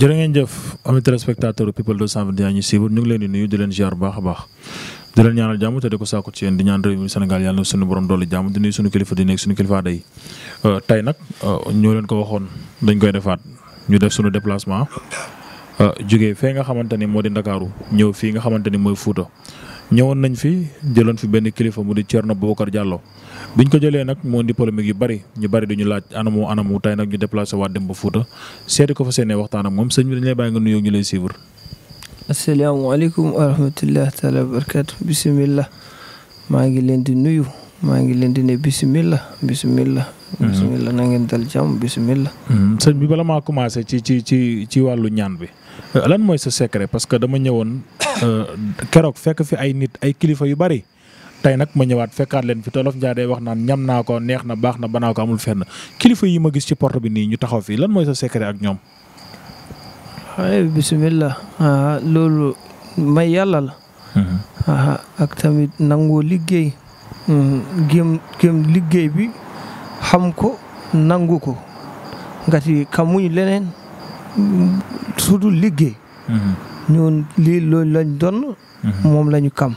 jërë ngeen jëf amit téléspectateur people 221 ñu siibur ñu ngi leen di nuyu di leen ziar bu baax a baax di leen ñaanal jàmm te di ko saako ci yéen di ñaan réew mi Sénégal yàlla na suñu borom dolli jàmm di nuyu suñu kilifa di nekk suñu kilifa day euh, tey nag euh, ñoo leen ko waxoon dañ koy defaat ñu def suñu déplacement euh, jógee fee nga xamante ni moo di Ndakaaru ñëw fii nga xamante ni mooy Fuuta ñëwoon nañ fi jëloon fi benn kilifa mu di Thierno Boubacar jàlloo biñ ko jëlee nag moo di polémique yu bari ñu bari ñu laaj anamu anamu tey nag ñu déplacé waat dem ba Fouta seeti ko fa seenee waxtaan ak moom sëñ bi dañ lay bàyyi nga nuyoo ñu lay suivre. asalaamaaleykum wa rahmatulah taalaa wa barakaatu maa ngi leen di nuyu maa ngi leen di ne bisimilah bisimilah. Mhm. bisimilah na ngeen dal jàmm bisimilah. Mhm. sëñ bi bala maa commencé ci ci ci ci wàllu ñaan bi lan mooy sa secret parce que dama ñëwoon euh, keroog fekk fi ay nit ay kilifa yu bari. tey nag ma ñëwaat fekkaat leen fi tolof Ndiaye day wax naan ñam naa ko neex na baax na banaa ko amul fenn kilifa yi ma gis ci porte bi nii ñu taxaw fii lan mooy sa secret ak ñoom. waaye bisimilah ah, loolu may yàlla la. Mhm. Ah, ak tamit nangoo liggéey. gëm hmm, gëm liggéey bi xam ko nangu ko ngati kamuñ leneen su dul liggéey. Mhm. ñun loolu lañ doon. Mhm. moom lañu kam.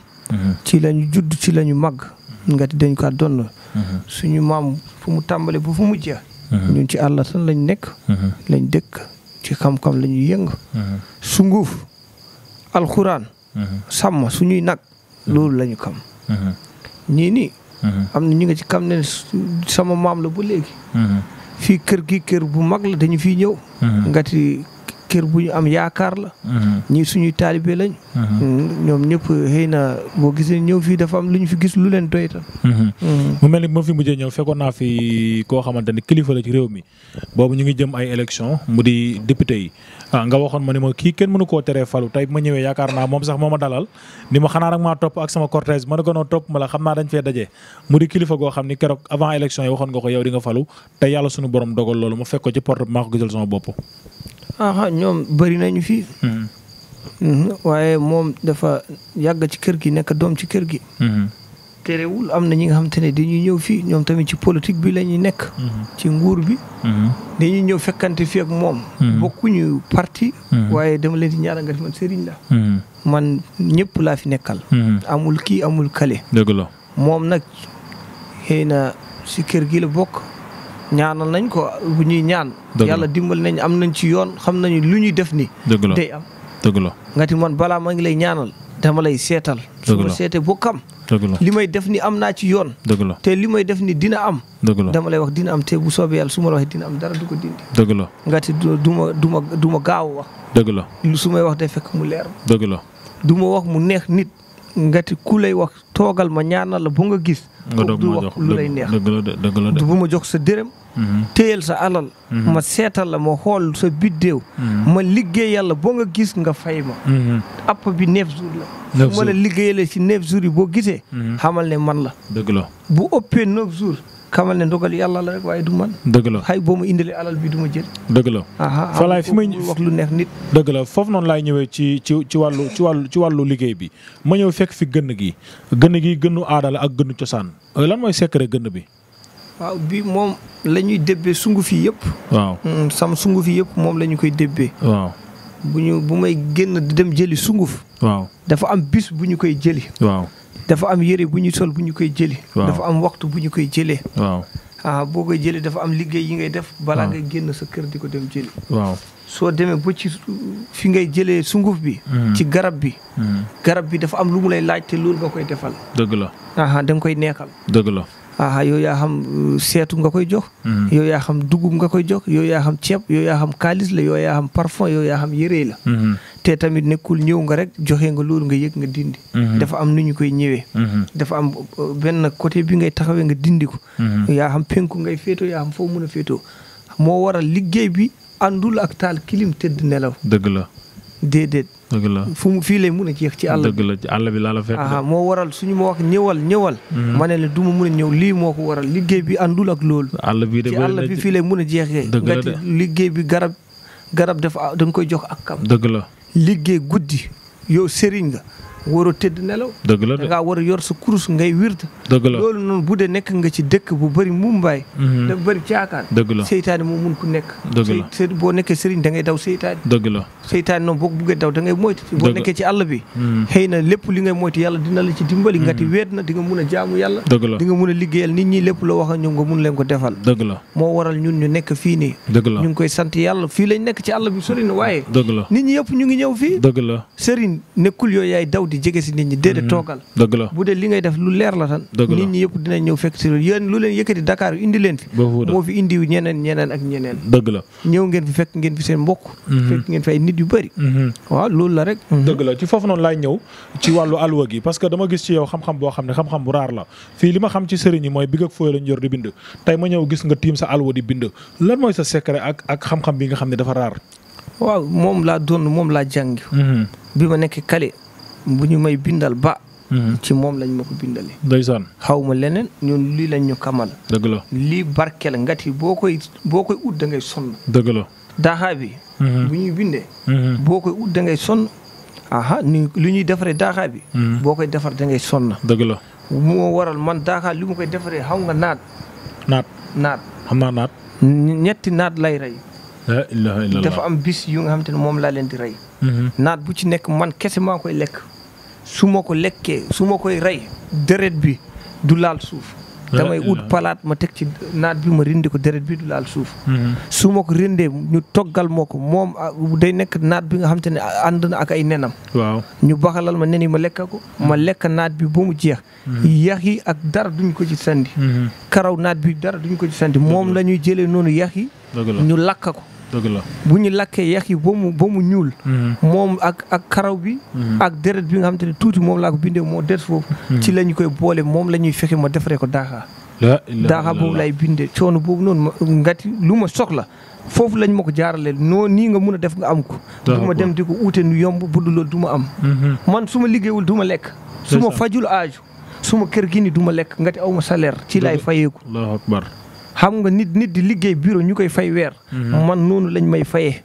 ci lañu judd ci lañu màgg mm-hmm. nga ti dañ ko donn mm-hmm. suñu maam fu mu tàmbale bu fu mu jeex mm-hmm. ñun ci àll tan lañu nekk lañ dëkk ci xam-xam la ñuy yëng sunguuf alxuraan sàmm suñuy nag loolu lañu xam ñii nii am na ñu nga ci xam ne sama maam la ba léegi fii kër gi kër bu mag la dañu fiy ñëw ngati kër bu ñu am yaakaar la. Mm-hmm. ñii suñuy taalibe lañ. Mm-hmm. ñoom ñëpp xëy na boo gisee ñëw fii dafa am lu ñu fi gis lu leen doy tam. Mm-hmm. mu mel ni moo fi mujjee ñëw fekkoon naa fi koo xamante ni kilifa la ci réew mi ñu ngi jëm ay élection mu di député yi ah, nga waxoon ma ni ma kii kenn mënu koo teree falu tey ma ñëwee yaakaar naa moom sax moo ma dalal ni ma xanaa rek maa topp ak sama cortège ma ne ko noo topp ma la xam naa dañ fee daje mu di kilifa goo xam ni keroog avant élection yi waxoon nga ko yow di nga falu te yàlla suñu borom dogal loolu ma fekk ko ci porte maa ko gisal sama bopp ah ñoom bëri nañu fi hmm. hmm, waaye moom dafa yàgg ci kër gi nekk doom ci kër gi. Hmm. terewul am na ñi nga xamante ne dañuy ñëw fii ñoom tamit ci politique bi la nekk. ci nguur bi. dañuy ñëw fekkante fii moom. bokkuñu parti. waaye dama leen di ñaara nga def man sëriñ la. man ñëpp laa fi nekkal. amul kii amul kale. dëgg moom nag xëy na si kër gi la bokk. ñaanal nañ ko bu ñuy ñaan. yàlla dimbal nañ am nañ ci yoon xam nañu lu ñuy def ni day am dëgg la nga ti man balaa maa ngi lay ñaanal dama lay seetal. su ma seetee boo kam. li may def ni am naa ci yoon. te li may def ni dina am. dama lay wax dina am te bu soobee yàlla su ma la waxee dina am dara du ko dindi. dëgg nga ti du ma du ma du ma gaaw wax. dëgg la lu su may wax de fekk mu leer. dëgg la du ma wax mu neex nit. nga ti ku lay wax toogal ma ñaanal la bu nga gis. nga doog ma jox lu lay neex du bu ma jox sa dërëm mm-hmm. téyal sa alal mm-hmm. ma seetal la ma xool sa biddéew mm-hmm. ma liggéey yàlla boo nga gis nga fay ma app bi neuf jours la su ma la liggéeyale si neuf jours yi boo gisee xamal ne man la dëgg la bu ëppee neuf jours xamal ne ndogal yàlla la rek waaye du man dëgg la xay boo ma indilee alal bi du ma jël dëgg la falaay fi may wax lu neex nit dëgg la foofu noonu laay ñëwee ci ci ci wàllu ci wàllu ci liggéey bi ma ñëw fekk fi gënn gi gën gi gënnu aada ak gënnu cosaan euh, lan mooy secret gën bi waaw bi moom lañuy ñuy sunguf yi yëpp waaw hmm, sam sunguf yi yëpp moom lañu koy débbee waaw bu ñu bu may génn di dem jëli sunguf waaw dafa am bis bu ñu koy jëli waaw dafa am yére bu ñu sol bu ñu koy jëli. dafa am waxtu bu ñu koy jëlee. waaw ah boo koy jëlee dafa am liggéey yi ngay def. balaa ngay génn sa kër di ko dem jëli. soo demee ba ci fi ngay jëlee sunguf bi. Hmm. ci garab bi. Hmm. garab bi dafa am lu mu lay laaj te loolu nga koy defal. dëgg la ah da koy neexal. dëgg la. ah yaa xam uh, seetu nga koy jox. Hmm. yow yaa xam dugub nga koy jox yow yaa xam ceeb yow yaa xam kaalis la yow xam parfum yow xam yëre la. te tamit nekkul ñëw nga rek joxe nga loolu nga yëg nga dindi. Mhm. dafa am nu ñu koy ñëwee. Mhm. dafa am uh, benn côté bi ngay taxawee nga dindi ko. Mhm. yaa xam penku ngay féetoo yaa xam foo mën a féetoo moo waral liggéey bi àndul ak taal kilim tëdd nelaw. dëgg la. déedéet. dëgg la fu mu fii mun a jeex ci àll bi. àll bi la moo waral suñu ma wax ñëwal ñëwal. ma ne la du ma mun a ñëw lii moo ko waral liggéey bi àndul ak loolu. àll de ci àll bi fii lay mun a jeexee. dëgg liggéey bi garab garab dafa da koy jox ak kam. dëgg la. liggéey guddi yow sëriñ nga war tëdd nelaw. dëgg la da ngaa war a yor sa kurus ngay wird. dëgg la loolu noonu bu dee nekk nga ci dëkk bu bëri mumbaay. dafa bëri caakaan. dëgg la seytaane moo mun ku nekk. dëgg la boo nekkee sëriñ da ngay daw seytaane. dëgg la seytaane noonu boo daw da ngay moytu. boo nekkee ci àll bi. xëy na lépp li ngay moytu yàlla dina la ci dimbali. nga ti weet na dinga nga mun a jaamu yàlla. dëgg di nga mun a liggéeyal nit ñi lépp loo wax ak ñoom nga mun leen ko defal. dëgg la moo waral ñun ñu nekk fii nii. dëgg la ñu ngi koy sant yàlla fii lañ nekk ci àll bi sori na waaye. dëgg la nit ñi yëpp ñu ngi ñëw fii. dëgg la sëriñ nekkul yooyu yaay daw di jege si nit ñi déedéet mm-hmm. toogal dëgg la bu dee li ngay def lu leer la tan nit ñi yëpp dinañ ñëw fekk si loolu yéen lu leen yëkkati Dakar indi leen fi moo fi indi ñeneen ñeneen ak ñeneen dëgg la ñëw ngeen fi fekk ngeen fi seen mbokk mm-hmm. fekk ngeen fi ay nit yu bëri mm-hmm. waaw loolu la rek dëgg la ci foofu noonu laay ñëw ci wàllu alwa gi parce que dama gis ci yow xam-xam boo xam ne xam-xam bu raar la fii li ma xam ci sëriñ yi mooy big ak fooy lañ yor di bind tey ma ñëw gis nga tiim sa alwa di bind lan mooy sa secret ak ak xam-xam bi nga xam ne dafa raar waaw moom laa doon moom laa jàng bi ma nekk kale bu ñu may bindal ba. Mm-hmm. ci moom lañ ma ko bindalee. ndeysaan xaw ma leneen ñun lii lañ ñu kamal. dëgg la lii barke la ngati boo koy boo koy ut da ngay sonn. dëgg la daaxaa bi. Mm-hmm. bu ñuy bindee. Mm-hmm. boo koy ut da ngay sonn. aha ni lu ñuy defaree daaxaa bi. boo koy defar da ngay sonn. dëgg la moo waral man daaxaa li ma koy defaree xaw nga naat. naat naat. xam naa naat. ñetti naat lay rey. dafa am bis yu nga xam te ne moom laa leen di rey. naat bu ci nekk man kese maa koy lekk. su ma ko lekkee su ma koy rey deret bi du laal suuf damay ut palaat ma teg ci naat bi ma rindi ko deret bi du laal suuf mm-hmm. su ma ko rindee ñu toggal moo ko moom ah, day nekk naat bi nga xam te ne ah, ànd na ak ay nenam waaw ñu baxalal ma nen ma lekka ko ma mm-hmm. lekk naat bi ba mu jeex mm-hmm. yax yi ak dara duñ ko ci sandi karaw naat bi dara duñ ko ci sandi moom la ñuy jëlee noonu yax yi ñu lakka ko dëgg la bu ñu lakkee yax yi ba mu ba mu ñuul. Mm-hmm. moom ak ak karaw bi. Mm-hmm. ak deret bi nga xam xamante ne tuuti moom laa ko bindee moo des foofu. Mm-hmm. ci lañu koy boole moom la ñuy fexe ma defaree ko daaxaa. daaxaa boobu laay bindee coono boobu noonu ngati lu ma soxla. foofu lañ ma ko jaarale noo nii nga mun a def nga am ko. bu ma dem di ko uute nu yomb bu dul loolu du ma am. man su ma liggéeyul du ma lekk. su ma fajul aaju. su ma kër gi ni du ma lekk ngati aw ma salaire. ci laay fayeeku. allahu xam nga nit nit di liggéey bureau ñu koy fay weer. Mhm. man noonu lañ may fayee.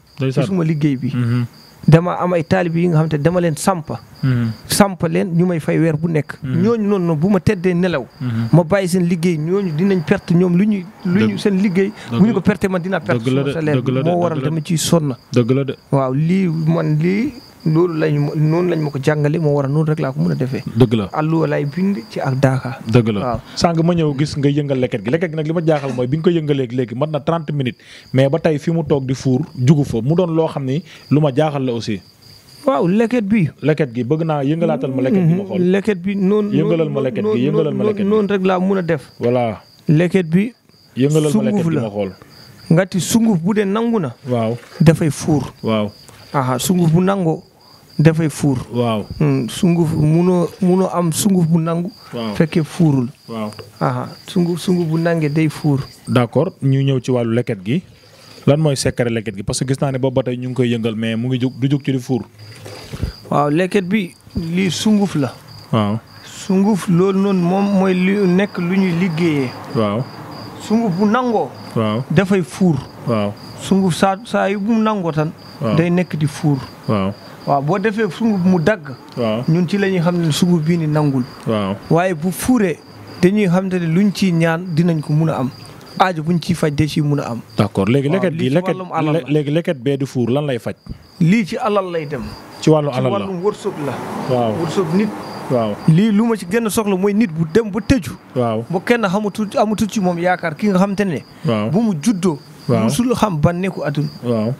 suma liggéey bi. Mhm. dama am ay taalib yi nga xam te dama leen sampa. Mhm. samp leen ñu may fay weer bu nekk. ñooñu noonu bu ma teddee nelaw. ma bàyyi seen liggéey ñooñu dinañ perte ñoom lu ñuy. lu ñu seen liggéey. bu ñu ko perte man dinaa perte. dëgg la moo waral dama ciy sonn. dëgg la waaw lii man lii. loolu lañ ma noonu lañ ma ko jàngale moo war a noonu rek laa ko mën a defee. dëgg la alluwa laay bind ci ak daaka. dëgg ma ñëw gis nga yëngal leket gi leket gi nag li ma jaaxal mooy bi nga ko yëngalee léegi mat na 30 minutes mais ba tey fi mu toog di fuur jugu fa mu doon loo xam ni lu ma jaaxal la aussi. waaw leket bi. leket gi bëgg naa yëngalaatal ma leket bi ma xool. Mm-hmm. leket bi noonu yëngalal ma leket bi yëngalal ma leket bi noonu rek laa mën a def. voilà leket bi. yëngalal ma leket bi xool ngati sunguf bu dee nangu na. waaw dafay fuur. waaw aha sunguf bu nangoo dafay fuur. waaw hmm, sunguf munoo munoo am sunguf bu nangu. waaw fekkee fuurul. waaw sunguf sunguf bu nangee day fuur. d'accord ñuy ñëw ci wàllu leket gi lan mooy secret leket gi parce que gis naa ne booba ba ñu ngi koy yëngal mais mu ngi jóg du jug ci di fuur. waaw leket bi lii sunguf la. sunguf loolu noonu moom mooy li nekk lu ñuy liggéeyee. sunguf bu nangoo. dafay fuur. waaw sunguf saa saa yu bu mu nangoo tan. day nekk di fuur. waaw boo defee sungub mu dagg. waaw ñun ci la ñuy xam ne sungub bii ni nangul. waaye bu fuuree dañuy xam ne luñ ciy ñaan dinañ ko mun a am. aajo buñ ciy faj de ciy mun a am. d'accord léegi leket bi leket léegi leket bee di fuur lan lay faj. lii ci alal lay dem. ci wàllu alal la ci wàllum wërsëg la. waaw nit. lii lu ma ci gën a soxla mooy nit bu dem ba tëju. waaw ba kenn xamatul amatul ci moom yaakaar ki nga xam ne. waaw bu mu juddoo. waaw musul xam ban nekku atul. waaw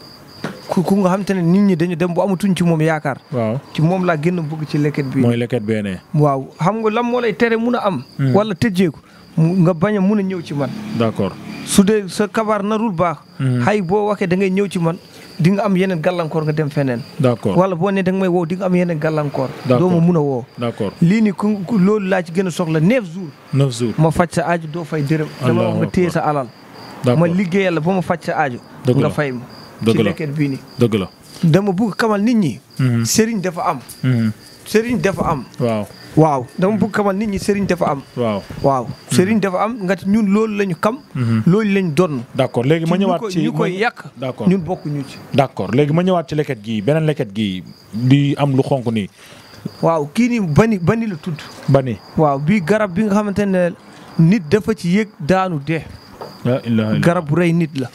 ku ku nga xamante ne nit ñi dañu dem bu amatuñ ci moom yaakaar. waaw ci moom laa gën a bëgg ci leket bi. mooy lekket beenee. waaw xam nga lan moo lay tere mun a am. Hmm. wala tëjee ko nga bañ a mun a ñëw ci man. d'accord su dee sa kabaar narul baax. xay hmm. boo waxee da ngay ñëw ci man di nga am yeneen gàllankoor nga dem feneen. d'accord wala boo nee da nga may wow di nga am yeneen gàllankoor. d'accord doo ma mun a woo. d'accord lii nii ku loolu laa ci gën a soxla neuf jours. neuf jours ma faj sa aajo doo fay dërëm. dama wax nga téye sa alal. ma liggéeyal la ba ma faj sa aaju. nga fay ma dëgg la ci lekket bii nii. dëgg la dama bëgg kamal nit ñi. Mhm. sëriñ dafa am. Mhm. sëriñ dafa am. waaw waaw dama bëgg xamal nit ñi sëriñ dafa am. waaw waaw mhm. sëriñ dafa am nga ñun loolu la ñu xam. loolu la ñu doon. d' accord léegi ma ñëwaat ci ñu koy yàq. d' ñun bokkuñu accord léegi ma ñëwaat ci lekket gii beneen lekket gii di am lu xonk nii. waaw kii nii bani bani la tudd. bani waaw bii garab bi nga xamante ne nit dafa ci yéeg daanu dee. garab bu rey nit la.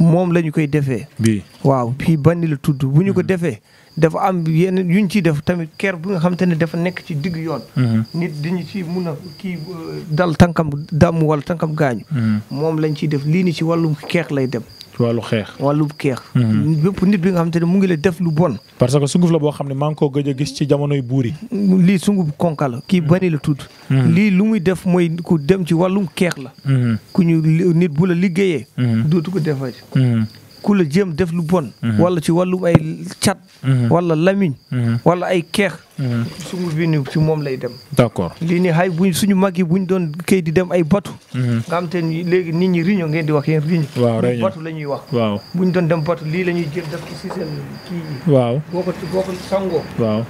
moom la ñu koy defee. bii waaw kii bandi la tudd bu ñu ko mm-hmm. defee. dafa am yenn yu ñu ciy def tamit ker bu nga xamante ne dafa nekk ci digg yoon. Mm-hmm. nit dañu ci mun a kii euh, dal tànkam dàmm wala tànkam gaañu. Mm-hmm. moom lañ ciy def lii ni ci wàllum xeex lay dem. wàllu xeex wàllu xeex mhm. bépp nit bi nga xam te ne mu ngi la def lu bon parce que sunguf la boo xam ne maa ngi koo gëj a gis ci jamonoy buur yi lii sunguf konka la kii mhm. bani la tudd mhm. lii lu muy def mooy ku dem ci wàllum keex la ku ñu nit bu la liggéeyee dootu ko defati ku la jéem def lu bon wala ci wàllum ay cat wala lamiñ wala ay xeex sunguf bi ni ci moom lay dem. d'accord lii nii xay buñ suñu mag yi buñ doon kay di dem ay batu. Mhm. nga xam te ni léegi nit ñi riño ngeen di wax yéen riño. waaw la ñuy wax. waaw buñ doon dem batu lii la ñuy jël def ko si seen kii yi. waaw boo ko sangoo. nga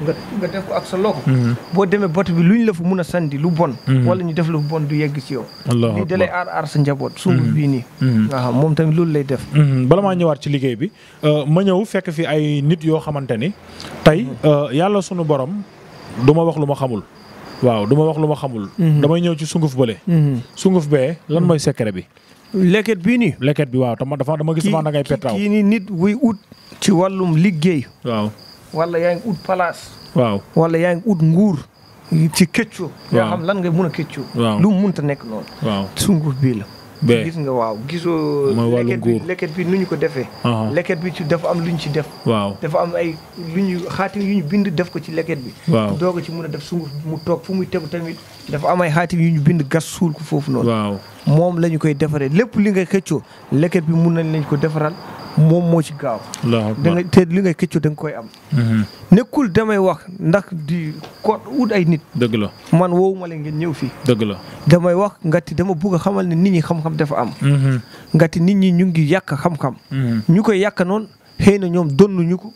def ko ak sa loxo. Mhm. boo demee batu bi luñ la fa mun a sandi lu bon. Mhm. wala ñu def lu bon du yegg ci yow. allah lii da lay aar aar sa njaboot. sunguf bii nii. waaw moom tamit loolu lay def. bala maa ñëwaat ci liggéey bi euh, ma ñëw fekk fi ay nit yoo xamante ni tey euh, yàlla sunu borom du ma wax lu ma xamul. waaw du ma wax lu ma xamul. Mhm. damay ñëw ci sunguf bële. Mhm. sunguf bee lan mhm. mooy secret bi. leket bii nii. leket bi waaw tam dafa dama gis. da ngay pettaaw kii nii nit wuy ut. ci wàllum liggéey. waaw wala yaa ngi ut place. waaw wala yaa ngi ut nguur. ci këccoo. waaw xam lan ngay mun a këccoo. lu mu munta nekk loolu. waaw sunguf bii la. gis nga waaw gisoo. mooy wàllu nguur leket bi leket ñu ko defee. Uh-huh. leket bi ci dafa am lu ñu ci def. waaw dafa am ay lu ñu xaatim yu ñu bind def ko ci leket bi. waaw doog ci mun a def sunguf mu toog fu muy tegu tamit. dafa am ay xaatim yu ñu bind gas suul ko foofu noonu. waaw moom la ñu koy defaree lépp li nga xëccoo leket bi mun nañ lañ ko defaral. moom moo ci gaaw. da te li ngay këccoo danga koy am. Mhm. nekkul damay wax ndax di ko ut ay nit. dëgg la man woowuma leen ngeen ñëw fii. dëgg la damay wax ngati dama bugg a xamal ne nit ñi xam-xam dafa am. Mhm. ngati nit ñi ñu ngi yàq xam-xam. Mhm. ñu koy yàq noonu xëy na ñoom donnuñu ko.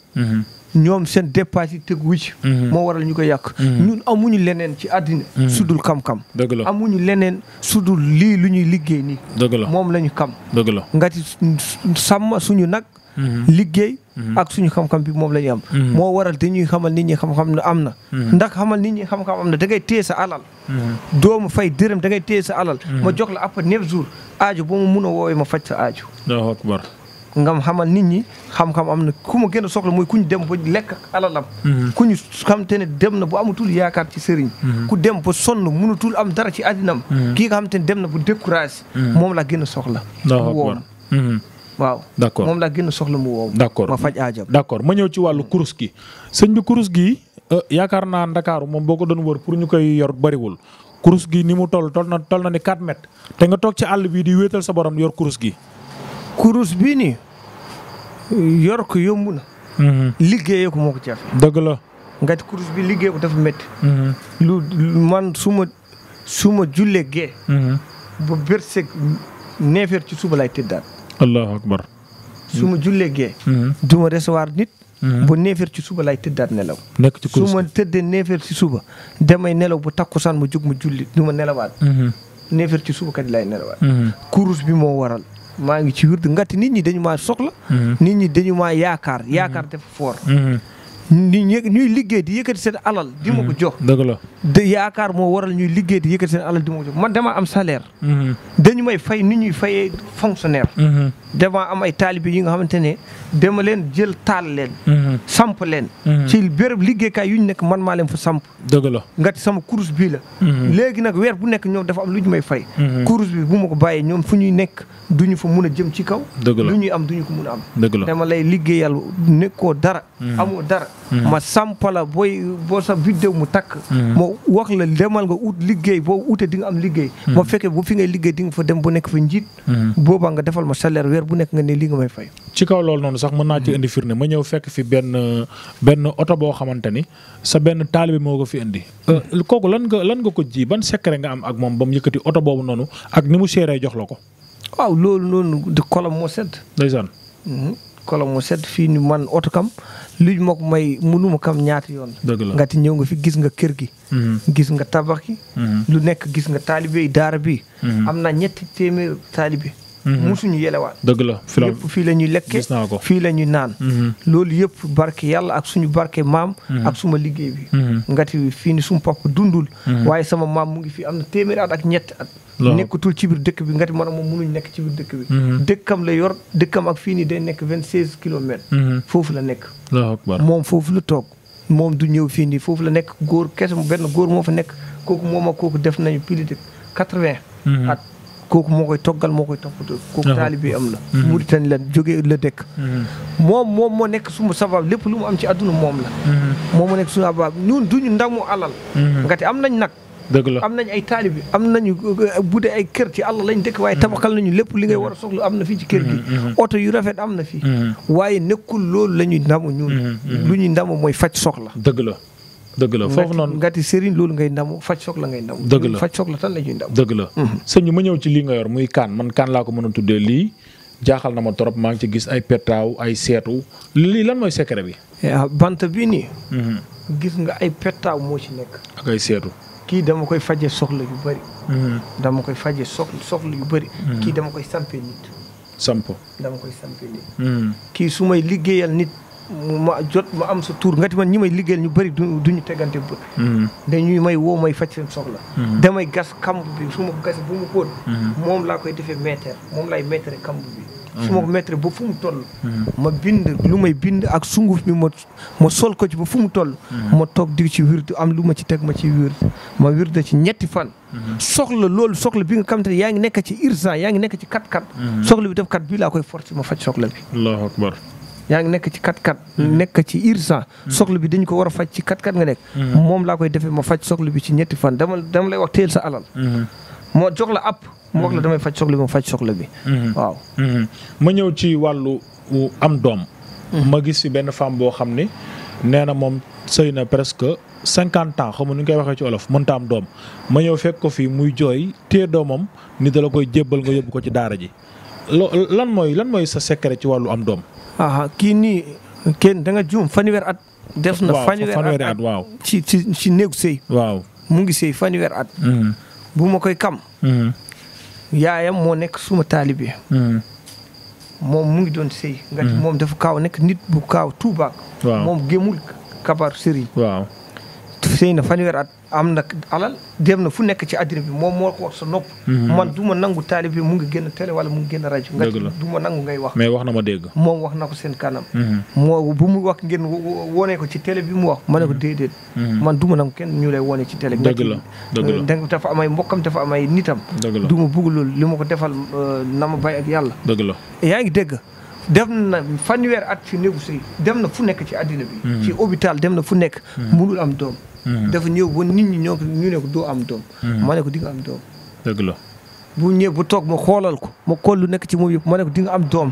ñoom seen dépasse yi tëg mhm. moo waral ñu ko yàq mhm. ñun amuñu leneen ci àddina mhm. sudul kam-kam dëgg amuñu leneen su dul lii lu ñuy liggéey nii dëgg moom la ñu kam dëgg la ngati sàmm suñu nag liggéey ak suñu xam-xam bi moom la ñu am moo waral dañuy xamal nit ñi xam-xam ne am na ndax xamal nit ñi xam-xam am na da ngay téye sa alal doomu fay dërëm da ngay téye sa alal ma jox la après neuf jours aajo boo mu mun a woowee ma faj sa aajo ngam xamal nit ñi xam-xam am na ku mu gën soxla mooy ku ñu dem ba lekk alalam mhm. ku ñu xam te ne dem na bu amatul yaakaar ci sëriñ mhm. ku dem ba sonn mënatul am dara ci addinam mhm. kii nga xam te ne dem na bu décourage moom laa gën a soxla woon waaw d' accord moom laa gën a soxla mu woow d' accord ma faj aajam d' ma ñëw ci wàllu kurus gi sëñ bi kurus gi euh, yaakaar naa ndakaaru moom boo ko doon wër pour ñu koy yor bariwul kurus gi ni mu toll toll na toll na ni 4 mètres te nga toog ci àll bii di wéetal sa borom yor kurus gi kurus bii yor ko yomb na. Mhm. liggéeyee ko moo ko jafe. dëgg la. nga ci bi liggéey ko dafa métti. Mhm. lu man su ma su jullee gee. Mhm. ba berseeg neefeer ci suba laay tëddaat. allahu akbar. su jullee gee. du ma recevoir nit. ba neefeer ci suba laay tëddaat nelaw. nekk ci kurus su ma tëddee neefeer ci suba damay nelaw bu takkusaan ma jóg ma julli du ma nelawaat. neefeer ci suba kat laay nelawaat. kurus bi moo waral. maa ngi ci wird ngati nit ñi dañu maa soxla. Mm-hmm. nit ñi dañu maa yaakaar yaakaar mm-hmm. dafa foor. Mm-hmm. ñuy liggéey di yëkkati seen alal. di ma ko mm-hmm. jox. dëgg moo waral ñuy liggéey di yëkkati seen alal di ma ko jox man dama am salaire. Mm-hmm. dañu may fay ni ñuy fayee fonctionnaire. Mm-hmm. dama am ay taalibe yi nga xamante ne dama leen jël taal leen. samp leen. ci béréb liggéeykaay yu ñu nekk man maa leen fa samp. dëgg la nga ci sama kurus bii la. léegi nag weer bu nekk ñoom dafa am lu ñu may fay. kurus bi bu ma ko bàyyee ñoom fu ñuy nekk du ñu fa mun a jëm ci kaw. dëgg la ñuy am du ñu ko mun a am. dëgg la dama lay liggéeyal nekkoo dara. amoo dara. Mm. ma sampala booy boo sa vidéo mu takk mm. ma wax la demal nga ut liggéey boo utee di nga am liggéey mm. ma fekkee bu fi ngay liggéey di nga fa dem bu nekk fa njiit boobaa nga defal ma salaire weer bu nekk nga ne lii nga may fay ci kaw loolu noonu sax mën naa ci indi firnde ma ñëw fekk fi benn benn oto boo xamante ni sa benn taalibe moo ko fi indi euh, kooku lan nga lan nga ko ji ban secret nga am ak moom ba mu yëkkati oto boobu noonu ak ni mu seeree jox la ko waaw loolu noonu di kolam moo sedd ndeysaan mm-hmm. kolo mu set fii ni man oto kam luñ ma ko may mënuma kam ñaata yoon nga ti ñëw nga fi gis nga kër gi mhm. gis nga tabax gi mhm. lu nekk gis nga taalibe yi daara bi mhm. am na ñetti téeméer taalibe musuñu yelewaan dëgg la fii la ñuy lekke fii la ñuy naan loolu yëpp barke yàlla ak suñu barke maam ak suma liggéey bi ngati fii ni sumu papa dundul waaye sama maam mu ngi fi am na téeméer at ak ñetti at nekkatul ci biir dëkk bi nga ti mën a moom munuñ nekk ci biir dëkk bi mhm. dëkkam la yor dëkkam ak fii nii day nekk vingt seize kilomètres mhm. foofu la nekk moom foofu la toog moom du ñëw fii nii foofu la nekk góor kese mu benn góor moo fa nekk kooku moom ak kooku def nañu plus de quatre-vingts mhm. at kooku moo koy toggal moo koy toppatoo kooku taalibe am la Mauritanie la jógee la dëkk moom moom moo nekk suma sabab lépp lu mu am ci àdduna moom la moom moo nekk suma sabab ñun duñu ndamu alal nga ti am nañ nag dëgg la am nañ ay taalibi am nañu euh, bu dee ay kër ci àll lañ dëkk waaye mm-hmm. tabaxal nañu lépp li ngay war a soxla am na fii ci kër gi mm-hmm. oto yu rafet am na fii mm-hmm. waaye nekkul loolu la ñuy ndamu ñun lu ñuy ndamu mooy faj soxla dëgg la dëgg la foofu noonu ngati sëriñ loolu ngay ndamu faj soxla ngay ndamu dëgg la faj soxla tan la ñuy ndamu dëgg la sëñ ma ñëw ci lii nga yor muy kaan man kaan laa ko mën a tuddee lii jaaxal na ma trop maa ngi ci gis ay pettaaw ay seetu lii lan mooy secret bi eh, ah, bant bii nii nga ay pettaaw moo ci nekk ak ay seetu kii dama koy faje soxla yu bëri. Mm-hmm. dama koy faje soxla soxla yu bëri. Mm-hmm. kii dama koy sampee nit. samp dama koy sampee nit. Mm-hmm. kii su may liggéeyal nit ma jot ma am sa tur ngati man ñi may liggéeyal ñu bëri duñu tegante bët. ñu may woo may faj seen soxla. damay gas kamb bi su ma ko gasee bu mu moom laa koy defee mètre moom laay mètre kamb bi. su ma ko mettre fu mu toll ma bind lu may bind ak sunguf bi ma ma sol ko ci ba fu mu toll mm-hmm. ma toog dig ci wirdu am lu ma ci teg ma ci wird ma wirda ci ñetti fan mm-hmm. soxla loolu soxla bi nga xamante ne yaa ngi nekk ci urgent yaa ngi nekk ci kat kat mm-hmm. soxla bi def koy forcé ma faj soxla bi allahu yaa ngi nekk ci kat kat nekk ci urgent soxla bi dañ ko war a faj ci kat kat nga nekk moom laa koy defee ma faj soxla bi ci ñetti fan dama dama lay wax teel sa alal moo jox la app mu wax la damay faj soxla bi mu faj soxla bi. Mhm. waaw. Mhm. ma ñëw ci wàllu am doom. Mhm. ma gis ci benn femme boo xam ni nee na moom sëy na presque cinquante ans xamu nu ñu koy waxee ci olof mënta am doom ma ñëw fekk ko fii muy jooy téye doomam ni da la koy jébbal nga yóbbu ko ci daara ji lo lan mooy lan mooy sa secret ci wàllu am doom. kii nii kenn danga nga juum fanweer at. des na fanweeri at waaw ci ci ci néegu sëy. waaw mu ngi sëy fanweer at. bu ma koy kam. yaayam moo nekk suma taalibe hmm. moom mu ngi doon sëy nga hmm. moom dafa kaaw nekk nit bu kaaw tuubaak moom gémul kabar sëriñ waaw sëy na fanweer at am na alal dem na fu nekk ci àddina bi moom moo ko wax sa nopp. Mhm. man du ma nangu taalib bi mu ngi génn tele wala mu ngi génn rajo. nga du ma nangu ngay wax. mais wax na ma dégg. moom wax na ko seen kanam. Mhm. moo bu mu wax ngeen wone ko ci télé bi mu wax. ma ne ko mhm. déedéet. man du ma nangu kenn ñu lay wone ci télé. dëgg la dëgg la dafa amay mbokkam dafa amay nitam. dëgg la du ma bugg loolu li ma ko defal euh, na ma bay ak yàlla. dëgg la yaa ngi dégg. dem na fanweer at ci néegu dem na fu nekk ci àddina bi. Mm-hmm. ci hôpital dem na fu nekk. Mm-hmm. munul am doom. Mm-hmm. dafa ñëw ba nit ñi ñëw ñu ne ko doo am doom. ma ne ko di am doom. dëgg la bu ñëw bu toog ma xoolal ko ma xool lu nekk ci moom yëpp ma ne di nga am doom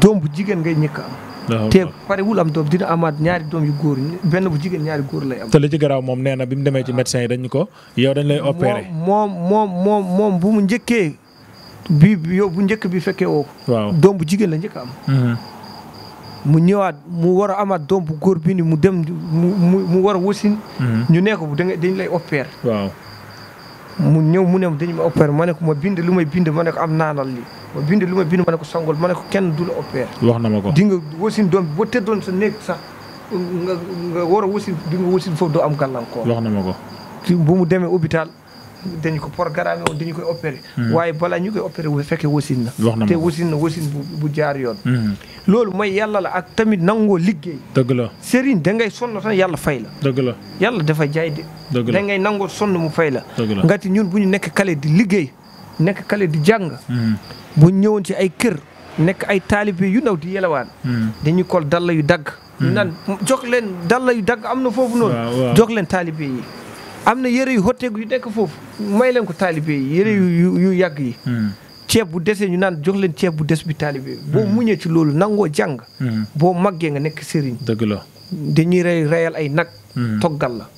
doom bu jigéen ngay ñëkk am. te pare wul am doom dina amaat ñaari doom yu góor benn bu jigéen ñaari góor lay am. te li ci garaaw moom nee na bi mu demee ci médecin yi dañ ko yow dañ lay opéré. moom moom moom moom bu mu njëkkee. bii yow bu njëkk bi fekkee woo waaw doom bu jigéen la njëkk am. Mm-hmm. mu ñëwaat mu war a amaat doom bu góor bii ni mu dem mu mu war a wasin mm-hmm. ñu nekk bu da dañ lay opérer. waaw mu ñëw mu ne dañ ma opérer ma nekk ma bind lu may bind ma nekk ko am naanal li ma bind lu may bind ma ne ko sangol ma ne ko kenn dul la opérer. na ma ko di nga wasin doom bi boo tëddoon sa néeg sax nga nga war a wasin di nga wasin foofu doo am gàllankoor. wax na ma bu mu demee hôpital. dañu ko programme woon dañu koy opéré. Hmm. waaye balaa ñu koy opéré bu fekkee wasin na. te wasin na wasin bu bu jaar yoon. Hmm. loolu mooy yàlla la ak tamit nangoo liggéey. dëgg la Serigne da ngay sonn tan yàlla fay la. dëgg la yàlla dafa jaay de. dëgg ngay nangoo sonn mu fay la. dëgg la ngati ñun bu ñu nekk kale di liggéey nekk kale di jàng. Hmm. bu ñëwoon ci ay kër nekk ay taalibe yu ndaw di yelawaan. dañuy kol dalla yu dagg. ñu leen dalla yu dagg am na foofu noonu. jox leen yi. am na yëre yu xotteeku yu nekk foofu may leen ko taalibe yi yëre yu yu yàgg yi. Hmm. ceeb bu desee ñu naan jox leen ceeb bu des bi taalibe boo hmm. muñee ci loolu nangoo jàng. Hmm. boo màggee nga nekk sëriñ. dëgg dañuy rey reyal ay nag. toggal la.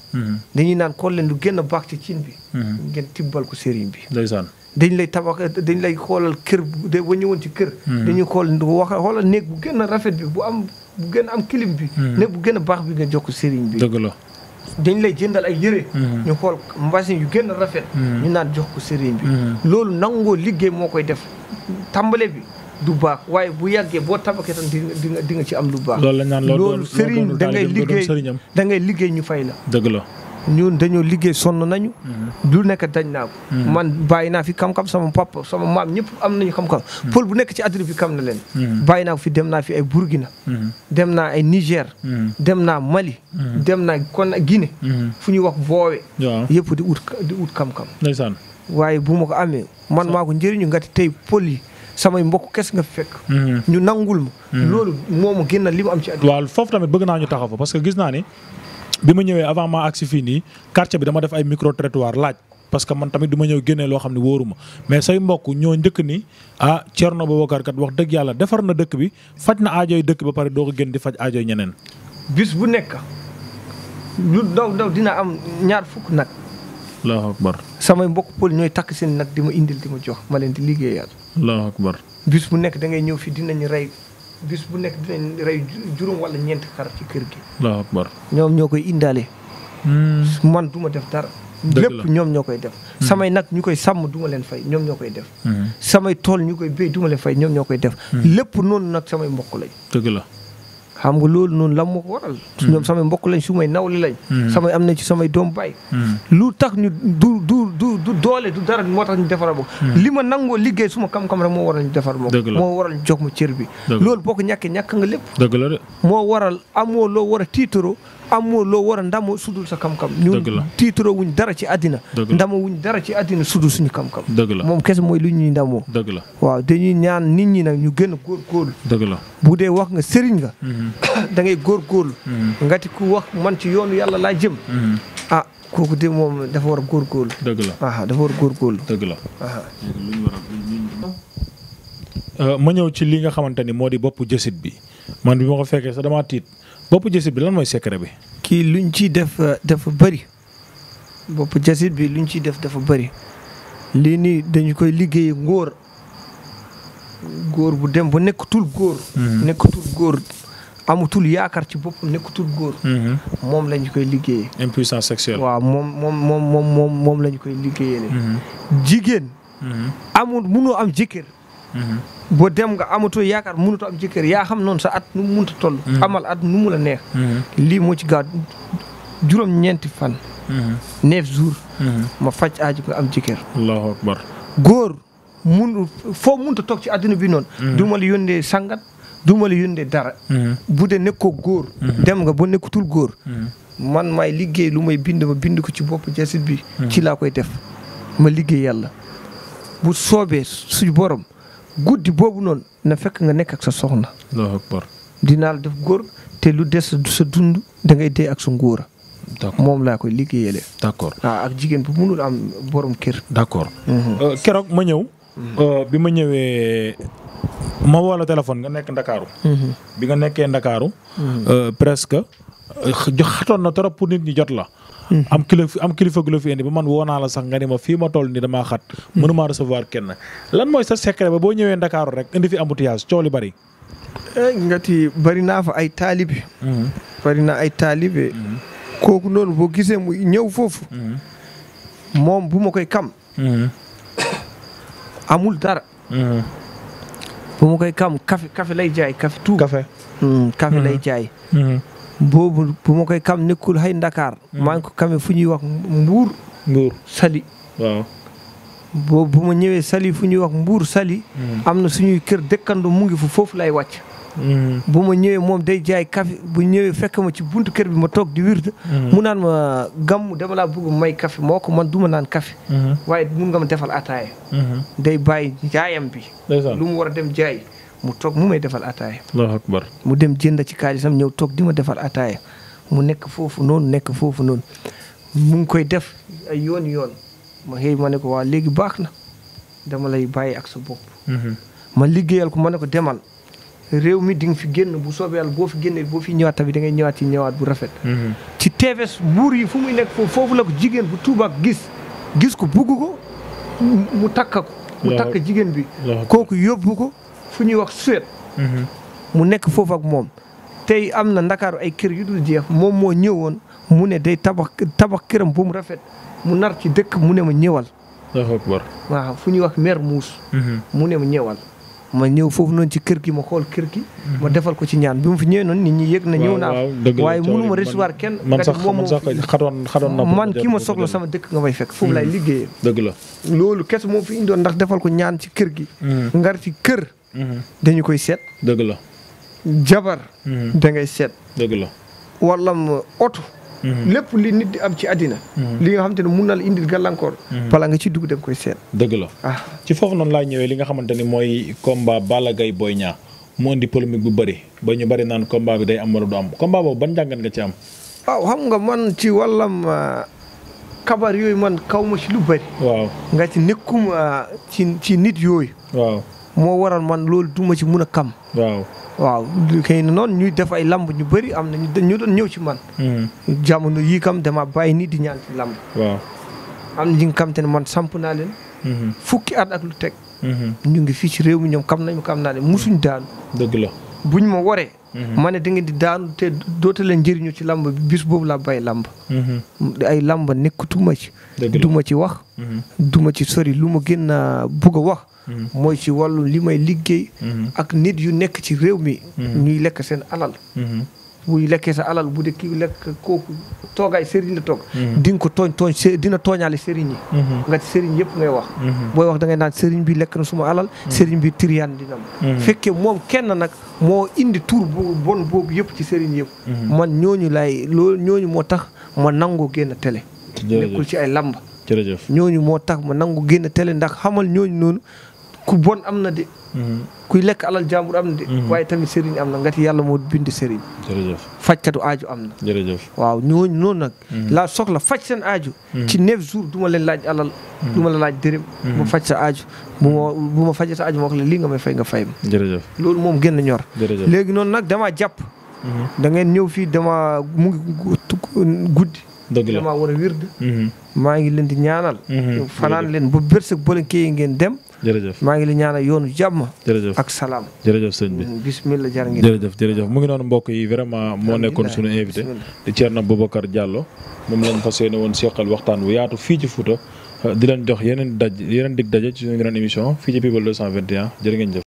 dañuy naan xool leen lu gën a baax ci cin bi. ngeen tibbal ko sëriñ bi. ndeysaan dañ lay tabax dañ lay xoolal kër bu ñëwoon ci kër. dañuy xool wax xoolal néeg bu gën a rafet bi bu am bu gën a am kilim bi. néeg bu gën a baax bi nga jox ko sëriñ bi. dëgg dañ lay jëndal ak yëre. Mm-hmm. ñu xool mbasin yu gën a rafet. Mm-hmm. ñu naan jox ko sëriñ bi. Mm-hmm. loolu nangoo liggéey moo koy def tàmbale bi. du baax waaye bu yàggee boo tabaxee tan di nga di nga ci am lu baax. loolu la ñu naan loolu sëriñ da ngay liggéey da ngay liggéey ñu fay la. dëgg la. ñun dañoo liggéey sonn nañu. lu mm-hmm. nekk dañ naa ko. Mm-hmm. man bàyyi naa fi xam-xam sama papa sama maam ñëpp am nañu xam-xam. Mm-hmm. pël bu nekk ci àdduna bi xam na leen. bàyyi naa ko fi dem naa fi ay Burkina. dem naa ay Niger. dem naa Mali. dem naa kon Guinée. fu ñu wax boowe. yëpp di ut di ut xam-xam. ndeysaan waaye bu ma ko amee man maa ko njëriñu nga tey pël yi. samay mbokk kes nga fekk. ñu nangul ma. loolu moomu génn li mu am ci àdduna. waaw foofu tamit bëgg naa ñu taxaw fa parce que gis naa ni bi ma ñëwee avant ma agsi fii nii quartier bi dama def ay micro trottoir laaj parce que man tamit du ma ñëw génnee loo xam ne wóoruma mais say mbokk ñoo njëkk ni ah Thierno Boubacar kat wax dëgg yàlla defar na dëkk bi faj na aajoy dëkk ba pare doo ko génn di faj aajoy ñeneen. bis bu nekk lu daw daw dina am ñaar fukk nag. allahu akbar. samay mbokk pël ñooy takk seen nag di ma indil di ma jox ma leen di liggéeyal. allahu akbar. bis bu nekk da ngay ñëw fii dinañ rey bis bu nekk dinañ rey juróom wala ñeenti xar ci kër gi. ñoom ñoo koy indaale. Hmm. man duma def dara. lépp ñoom ñoo koy def. Hmm. samay nag ñu koy sàmm duma leen fay ñoom ñoo koy def. Hmm. samay tool ñu koy bey du leen fay ñoom ñoo koy def. lépp noonu nag samay mbokk lañ. dëgg la. xam nga loolu noonu la mu waral. Hmm. ñoom samay mbokk lañ su may nawle lañ. Hmm. samay am nañ ci samay doom bay. Hmm. lu tax ñu du du du du doole du dara moo tax ñu defar boog. li ma nangoo liggéey suma kam-kam rek moo waral ñu defar boog. moo waral ñu jox ma cër bi. loolu boo ko ñàkkee ñàkk nga lépp. dëgg la moo waral amoo loo war a tiitaroo amoo loo war a ndamoo sudul sa kam-kam ñun tiitaroo wuñ dara ci àddina ndamoo wuñ dara ci àddina sudul suñu kam-kam la moom kese mooy lu ñuy ndamoo dëgg la waaw dañuy ñaan nit ñi nag ñu gën a góorgóorlu dëgg la bu dee wax nga sëriñ nga mhm. da ngay góorgóorlu mhm. ngati ku wax man ci yoonu yàlla laa jëm mhm. ah kooku de moom dafa war a góorgóorlu dëgg la waaw war a góorgóorlu dëgg la euh, ma ñëw ci li nga xamante ni moo di boppu jësit bi man bi ma ko fekkee sax damaa tiit bopp jasit bi lan mooy secret bi. kii luñ ciy def euh, dafa bëri bopp jasit bi luñ ciy def dafa bëri lii nii dañu koy liggéey ngóor góor bu dem ba nekkatul góor. Mm-hmm. nekkatul góor amutul yaakaar ci boppam nekkatul góor. Mm-hmm. moom lañu koy liggéeyee. impuissance sexuelle. waaw moom moom moom lañu koy liggéeyee. Mm-hmm. jigéen. amul munoo am jëkkër. boo dem nga amatoo yaakaar mënutoo am jëkkër yaa xam noonu sa at nu mu mënta toll. Mm-hmm. amal at nu mu la neex. Mm-hmm. lii moo ci gaaw juróom-ñeenti fan. Mm-hmm. neuf jours. ma faj aaju nga am jëkkër. allahu góor mun foo mënta toog ci adduna bi noonu. du ma la yónnee sangat du ma la yónnee dara. bu dee nekkoo góor. dem nga ba nekkutul góor. man may liggéey lu may bind ma bind ko ci bopp jasit bi. ci laa koy def ma liggéey yàlla bu soobee suñu borom. guddi boobu noonu na fekk nga nekk ak sa soxna. allahu akbar dinaa la def góor te lu des sa dund da ngay dee ak sa ngóora. moom laa koy liggéeyale. d' accord ak jigéen bu mënul am borom kër. d' accord mhm. euh, keroog ma ñëw. Mhm. Euh, bi ma ñëwee ma woo la téléphone nga nekk ndakaaru mhm. bi nga nekkee ndakaaru euh, presque jox xatoon na trop nit ñi jot la. Mm-hmm. am kilifa am kilifa gu fi indi ba man woo naa la sax nga ni ma fii ma toll nii damaa xat. Mm-hmm. mënumaa recevoir kenn lan mooy sax secret ba boo ñëwee Ndakaaru rek indi fi embouteillage coow li bari. Eh, ngati bari naa fa ay taalibe. Mm-hmm. bari naa ay taalibe. kooku noonu boo gisee mu ñëw foofu. moom bu ma koy kam. amul dara. bu ma koy kam kafe kafe lay jaay kafe tout. kafe. Mm, kafe lay jaay. boobu bu ma koy kam nekkul xay Ndakaar. Hmm. maa ngi ko kame fu ñuy wax Mbuur. Sali. waaw. boobu bu ma ñëwee Sali fu ñuy wax Mbuur Sali. Hmm. am na suñuy kër dëkkandoo mu ngi fu foofu lay wàcc. Hmm. bu ma ñëwee moom day jaay café bu ñëwee fekk ma ci buntu kër bi ma toog di wirde mu naan ma gàmm dama laa may kafe moo ko man du ma naan café waaye mun nga ma defal ataaya. day bàyyi jaayam bi. lu mu war a dem jaay. mu toog mu may defal ataaya. allahu akbar mu dem jënd ci kaalisam ñëw toog di ma defal ataaya mu nekk foofu noonu nekk foofu noonu mu ngi koy def ay yoon yoon ma xëy ma ne ko waa léegi baax na dama lay bàyyi ak sa bopp. Mhm. ma liggéeyal ko ma ne ko demal réew mi di nga fi génn bu soobee yàlla boo fi génnee boo fi ñëwaat tamit da ñëwaat ci ñëwaat bu rafet. Mhm. ci TVS buur yi fu muy nekk foofu la ko jigéen bu tubaab gis gis ko bugg ko mu takk ko. mu takk jigéen fu ñuy wax Suède. Mhm. mu nekk foofu ak moom. tey am na ndakaaru ay kër yu dul jeex moom moo ñëwoon mu ne day tabax tabax këram bu mu rafet mu nar ci dëkk mu ne ma ñëwal. waaw fu ñuy wax mer muus. Mhm. mu ne ma ñëwal. ma ñëw foofu noonu ci kër gi ma xool kër gi. Mhm. ma defal ko ci ñaan bi mu fi ñëwee noonu nit ñi yëg na ñëw naa waaye mënu ma recevoir kenn. man sax man sax xatoon na man kii ma soxla sama dëkk nga may fekk. foofu laay liggéeyee. loolu kese moo fi indoon ndax defal ko ñaan ci kër gi. ngar ci kër. Mm-hmm. dañu koy seet. dëgg la. jabar. Mm-hmm. dangay seet. dëgg la. wàllam oto. Mm-hmm. lépp li nit di am ci àddina li nga xamante ne mun na la indil gàllankoor. bala nga ci dugg dem koy seet. dëgg la ah. ci foofu noonu laa ñëwee li nga xamante ni mooy combat Balla booy Boy Niang mu indi polémique bu bari ba ñu bari naan combat bi day am wala du am combat boobu ban njàngat nga ci am. waaw ah, xam nga man ci wàllam ah, kabar yooyu man kaw ma ci lu bëri. waaw nga ci nekkum ci nit yooyu. moo waral man loolu duma ci mun a kam. waaw waaw xëy noonu ñuy def ay lamb ñu bari am na ñu doon ñëw ci man. Hmm. jamono yii kam dama bàyyi nii di ñaan ci lamb. waaw am na ñi nga te ne man samp naa leen. Hmm. fukki at ak lu teg. Hmm. ñu ngi fii ci réew mi ñoom kam nañu kam naa leen musuñ daanu. dëgg la buñ ma waree. ma ne da ngeen di daanu te doote leen ci lamb bi bis boobu laa bàyyi lamb. ay lamb nekkatuma ci. dëgg ci wax. du ci sori lu ma gën a bëgg a wax. Mm-hmm. mooy si wàllu li may liggéey. Mm-hmm. ak nit yu nekk ci réew mi. Mm-hmm. ñuy lekk seen alal. buy lekkee sa alal bu dee kii lekk kooku toogaay sëriñ la toog. di ko tooñ tooñ dina tooñaale sëriñ yi. nga ci yëpp ngay wax. booy wax da ngay naan sëriñ bi lekk na suma alal. sëriñ bi tiriyaan dina am. fekkee moom kenn nag moo indi tur bu bon boobu yëpp ci sëriñ yëpp. man ñooñu laay loolu ñooñu moo tax ma nangoo génn télé. nekkul ci ay lamba. jërëjëf ñooñu moo tax ma nangu génn télé ndax xamal ñooñu noonu. ku bon am na de. Mhm. kuy lekk alal jàmbur am na de. Mhm. waaye tamit sëriñ am na ngati yàlla moo bind sëriñ. jërëjëf fajkatu aaju am na. waaw ñooñu noonu nag. Mhm. laa soxla faj seen aajo ci neuf jours duma leen laaj alal. duma ma la laaj dërëm. ma faj sa aaju bu bu ma fajee sa aaju ma wax lii nga may fay nga fay ma. jërëjëf loolu moom gën a ñor. jërëjëf léegi noonu nag damaa jàpp. da ngeen ñëw fii dama mu guddi. dëgg la damaa war maa ngi leen di ñaanal. fanaan leen ba bërsëg boole kii ngeen dem jërëjëf maa ngi li ñaanal yoonu jàmm jërëjëf ak salaam jërëjëf sëñ bi bismillah jar ngeen jërëjëf jërëjëf mu ngi noonu mbokk yi vraiment moo nekkoon suñu invité di Thierno Boubacar Diallo moom lañ fas yéene woon seqal waxtaan wu yaatu fii ci Fouta di leen jox yeneen daj yeneen dig daje ci suñu grande émission fii ci People 221 jërë ngeen jëf